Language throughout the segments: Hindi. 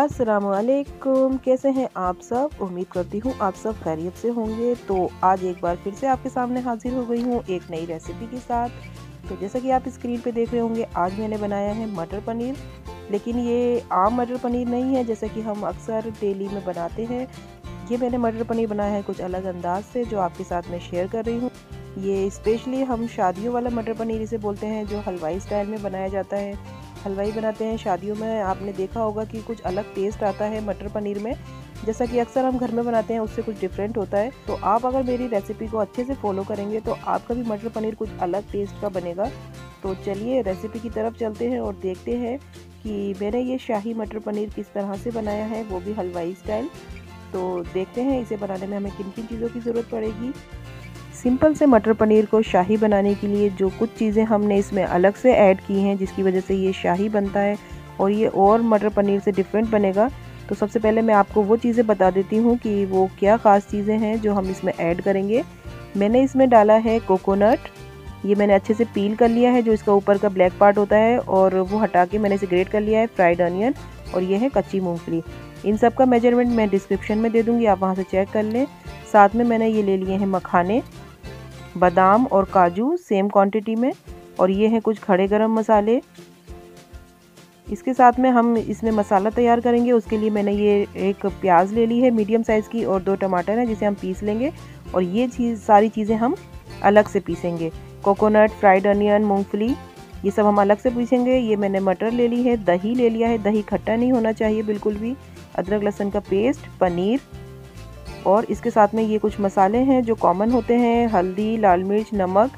असलकुम कैसे हैं आप सब उम्मीद करती हूँ आप सब खैरियत से होंगे तो आज एक बार फिर से आपके सामने हाजिर हो गई हूँ एक नई रेसिपी के साथ तो जैसा कि आप स्क्रीन पे देख रहे होंगे आज मैंने बनाया है मटर पनीर लेकिन ये आम मटर पनीर नहीं है जैसा कि हम अक्सर डेली में बनाते हैं ये मैंने मटर पनीर बनाया है कुछ अलग अंदाज से जो आपके साथ मैं शेयर कर रही हूँ ये स्पेशली हम शादियों वाला मटर पनीर इसे बोलते हैं जो हलवाई स्टाइल में बनाया जाता है हलवाई बनाते हैं शादियों में आपने देखा होगा कि कुछ अलग टेस्ट आता है मटर पनीर में जैसा कि अक्सर हम घर में बनाते हैं उससे कुछ डिफरेंट होता है तो आप अगर मेरी रेसिपी को अच्छे से फॉलो करेंगे तो आपका भी मटर पनीर कुछ अलग टेस्ट का बनेगा तो चलिए रेसिपी की तरफ चलते हैं और देखते हैं कि मैंने ये शाही मटर पनीर किस तरह से बनाया है वो भी हलवाई स्टाइल तो देखते हैं इसे बनाने में हमें किन किन चीज़ों की ज़रूरत पड़ेगी सिंपल से मटर पनीर को शाही बनाने के लिए जो कुछ चीज़ें हमने इसमें अलग से ऐड की हैं जिसकी वजह से ये शाही बनता है और ये और मटर पनीर से डिफरेंट बनेगा तो सबसे पहले मैं आपको वो चीज़ें बता देती हूँ कि वो क्या ख़ास चीज़ें हैं जो हम इसमें ऐड करेंगे मैंने इसमें डाला है कोकोनट ये मैंने अच्छे से पील कर लिया है जो इसका ऊपर का ब्लैक पार्ट होता है और वो हटा के मैंने इसे ग्रेट कर लिया है फ्राइड अनियन और ये है कच्ची मूंगफली इन सब का मेजरमेंट मैं डिस्क्रिप्शन में दे दूँगी आप वहाँ से चेक कर लें साथ में मैंने ये ले लिए हैं मखाने बादाम और काजू सेम क्वांटिटी में और ये हैं कुछ खड़े गरम मसाले इसके साथ में हम इसमें मसाला तैयार करेंगे उसके लिए मैंने ये एक प्याज ले ली है मीडियम साइज़ की और दो टमाटर हैं जिसे हम पीस लेंगे और ये चीज़ सारी चीज़ें हम अलग से पीसेंगे कोकोनट फ्राइड अनियन मूँगफली ये सब हम अलग से पीसेंगे ये मैंने मटर ले ली है दही ले लिया है दही खट्टा नहीं होना चाहिए बिल्कुल भी अदरक लहसुन का पेस्ट पनीर और इसके साथ में ये कुछ मसाले हैं जो कॉमन होते हैं हल्दी लाल मिर्च नमक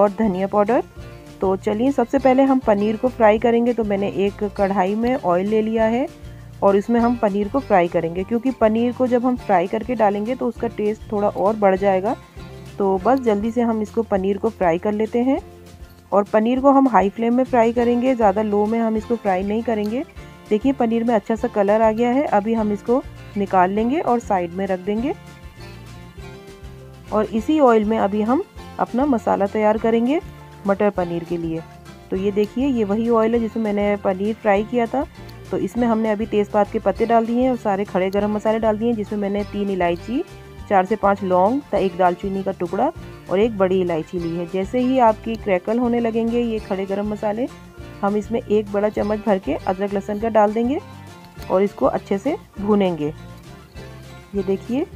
और धनिया पाउडर तो चलिए सबसे पहले हम पनीर को फ्राई करेंगे तो मैंने एक कढ़ाई में ऑयल ले लिया है और इसमें हम पनीर को फ्राई करेंगे क्योंकि पनीर को जब हम फ्राई करके डालेंगे तो उसका टेस्ट थोड़ा और बढ़ जाएगा तो बस जल्दी से हम इसको पनीर को फ्राई कर लेते हैं और पनीर को हम हाई फ्लेम में फ्राई करेंगे ज़्यादा लो में हम इसको फ्राई नहीं करेंगे देखिए पनीर में अच्छा सा कलर आ गया है अभी हम इसको निकाल लेंगे और साइड में रख देंगे और इसी ऑयल में अभी हम अपना मसाला तैयार करेंगे मटर पनीर के लिए तो ये देखिए ये वही ऑयल है जिसमें मैंने पनीर फ्राई किया था तो इसमें हमने अभी तेज़पात के पत्ते डाल दिए हैं और सारे खड़े गरम मसाले डाल दिए हैं जिसमें मैंने तीन इलायची चार से पाँच लौंग तथा एक दालचीनी का टुकड़ा और एक बड़ी इलायची ली है जैसे ही आपकी क्रैकल होने लगेंगे ये खड़े गरम मसाले हम इसमें एक बड़ा चम्मच भर के अदरक लहसन का डाल देंगे और इसको अच्छे से भूनेंगे ये देखिए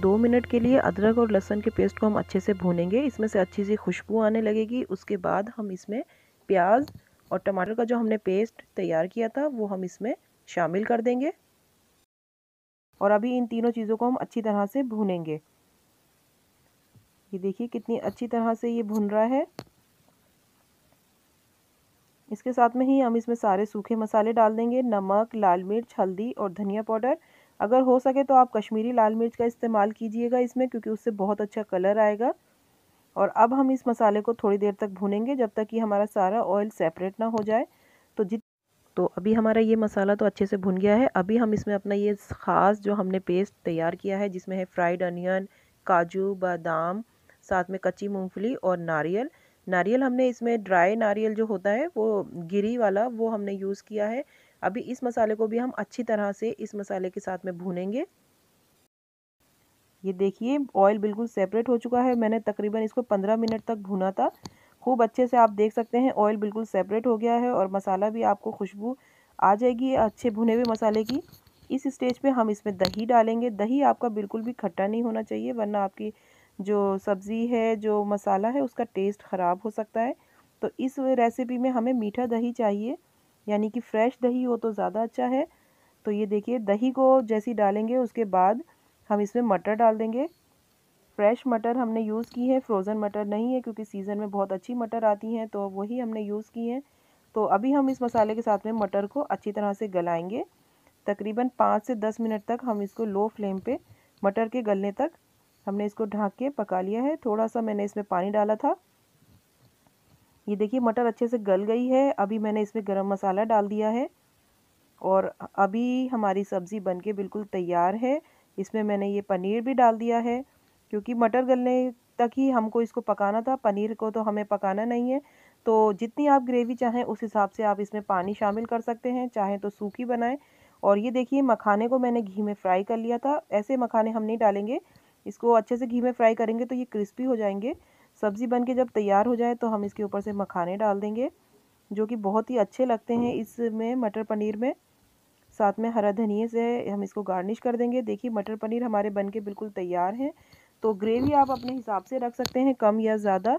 दो मिनट के लिए अदरक और लहसुन के पेस्ट को हम अच्छे से भूनेंगे इसमें से अच्छी सी खुशबू आने लगेगी उसके बाद हम इसमें प्याज और टमाटर का जो हमने पेस्ट तैयार किया था वो हम इसमें शामिल कर देंगे और अभी इन तीनों चीज़ों को हम अच्छी तरह से भूनेंगे ये देखिए कितनी अच्छी तरह से ये भुन रहा है इसके साथ में ही हम इसमें सारे सूखे मसाले डाल देंगे नमक लाल मिर्च हल्दी और धनिया पाउडर अगर हो सके तो आप कश्मीरी लाल मिर्च का इस्तेमाल कीजिएगा इसमें क्योंकि उससे बहुत अच्छा कलर आएगा और अब हम इस मसाले को थोड़ी देर तक भूनेंगे जब तक कि हमारा सारा ऑयल सेपरेट ना हो जाए तो जित तो अभी हमारा ये मसाला तो अच्छे से भुन गया है अभी हम इसमें अपना ये ख़ास जो हमने पेस्ट तैयार किया है जिसमें है फ्राइड अनियन काजू बादाम साथ में कच्ची मूंगफली और नारियल नारियल हमने इसमें ड्राई नारियल जो होता है वो गिरी वाला वो हमने यूज़ किया है अभी इस मसाले को भी हम अच्छी तरह से इस मसाले के साथ में भूनेंगे ये देखिए ऑयल बिल्कुल सेपरेट हो चुका है मैंने तकरीबन इसको पंद्रह मिनट तक भुना था खूब अच्छे से आप देख सकते हैं ऑयल बिल्कुल सेपरेट हो गया है और मसाला भी आपको खुशबू आ जाएगी अच्छे भुने हुए मसाले की इस स्टेज पे हम इसमें दही डालेंगे दही आपका बिल्कुल भी खट्टा नहीं होना चाहिए वरना आपकी जो सब्ज़ी है जो मसाला है उसका टेस्ट ख़राब हो सकता है तो इस रेसिपी में हमें मीठा दही चाहिए यानी कि फ्रेश दही हो तो ज़्यादा अच्छा है तो ये देखिए दही को जैसी डालेंगे उसके बाद हम इसमें मटर डाल देंगे फ्रेश मटर हमने यूज़ की है फ्रोज़न मटर नहीं है क्योंकि सीज़न में बहुत अच्छी मटर आती हैं तो वही हमने यूज़ की है तो अभी हम इस मसाले के साथ में मटर को अच्छी तरह से गलाएंगे तकरीबन पाँच से दस मिनट तक हम इसको लो फ्लेम पे मटर के गलने तक हमने इसको ढाँक के पका लिया है थोड़ा सा मैंने इसमें पानी डाला था ये देखिए मटर अच्छे से गल गई है अभी मैंने इसमें गरम मसाला डाल दिया है और अभी हमारी सब्ज़ी बन के बिल्कुल तैयार है इसमें मैंने ये पनीर भी डाल दिया है क्योंकि मटर गलने तक ही हमको इसको पकाना था पनीर को तो हमें पकाना नहीं है तो जितनी आप ग्रेवी चाहें उस हिसाब से आप इसमें पानी शामिल कर सकते हैं चाहें तो सूखी बनाएँ और ये देखिए मखाने को मैंने घी में फ्राई कर लिया था ऐसे मखाने हम नहीं डालेंगे इसको अच्छे से घी में फ्राई करेंगे तो ये क्रिस्पी हो जाएंगे सब्ज़ी बन के जब तैयार हो जाए तो हम इसके ऊपर से मखाने डाल देंगे जो कि बहुत ही अच्छे लगते हैं इसमें मटर पनीर में साथ में हरा धनिए से हम इसको गार्निश कर देंगे देखिए मटर पनीर हमारे बन के बिल्कुल तैयार हैं तो ग्रेवी आप अपने हिसाब से रख सकते हैं कम या ज़्यादा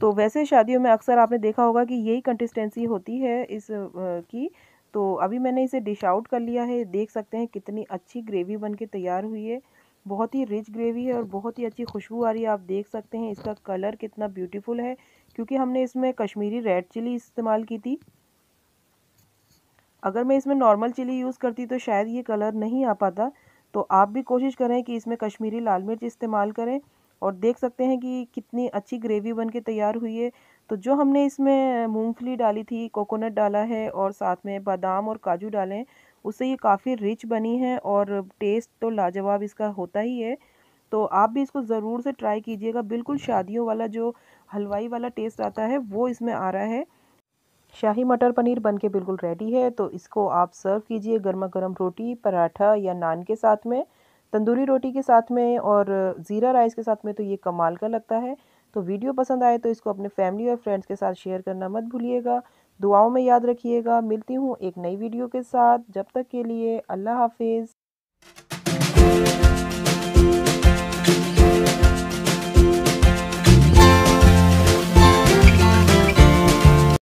तो वैसे शादियों में अक्सर आपने देखा होगा कि यही कंसिस्टेंसी होती है इस की तो अभी मैंने इसे डिश आउट कर लिया है देख सकते हैं कितनी अच्छी ग्रेवी बन के तैयार हुई है बहुत ही रिच ग्रेवी है और बहुत ही अच्छी खुशबू आ रही है आप देख सकते हैं इसका कलर कितना ब्यूटीफुल है क्योंकि हमने इसमें कश्मीरी रेड चिली इस्तेमाल की थी अगर मैं इसमें नॉर्मल चिली यूज़ करती तो शायद ये कलर नहीं आ पाता तो आप भी कोशिश करें कि इसमें कश्मीरी लाल मिर्च इस्तेमाल करें और देख सकते हैं कि कितनी अच्छी ग्रेवी बन के तैयार हुई है तो जो हमने इसमें मूंगफली डाली थी कोकोनट डाला है और साथ में बादाम और काजू डाले हैं उससे ये काफ़ी रिच बनी है और टेस्ट तो लाजवाब इसका होता ही है तो आप भी इसको ज़रूर से ट्राई कीजिएगा बिल्कुल शादियों वाला जो हलवाई वाला टेस्ट आता है वो इसमें आ रहा है शाही मटर पनीर बन के बिल्कुल रेडी है तो इसको आप सर्व कीजिए गर्मा गर्म रोटी पराठा या नान के साथ में तंदूरी रोटी के साथ में और ज़ीरा राइस के साथ में तो ये कमाल का लगता है तो वीडियो पसंद आए तो इसको अपने फैमिली और फ्रेंड्स के साथ शेयर करना मत भूलिएगा दुआओं में याद रखिएगा मिलती हूँ एक नई वीडियो के साथ जब तक के लिए अल्लाह हाफिज़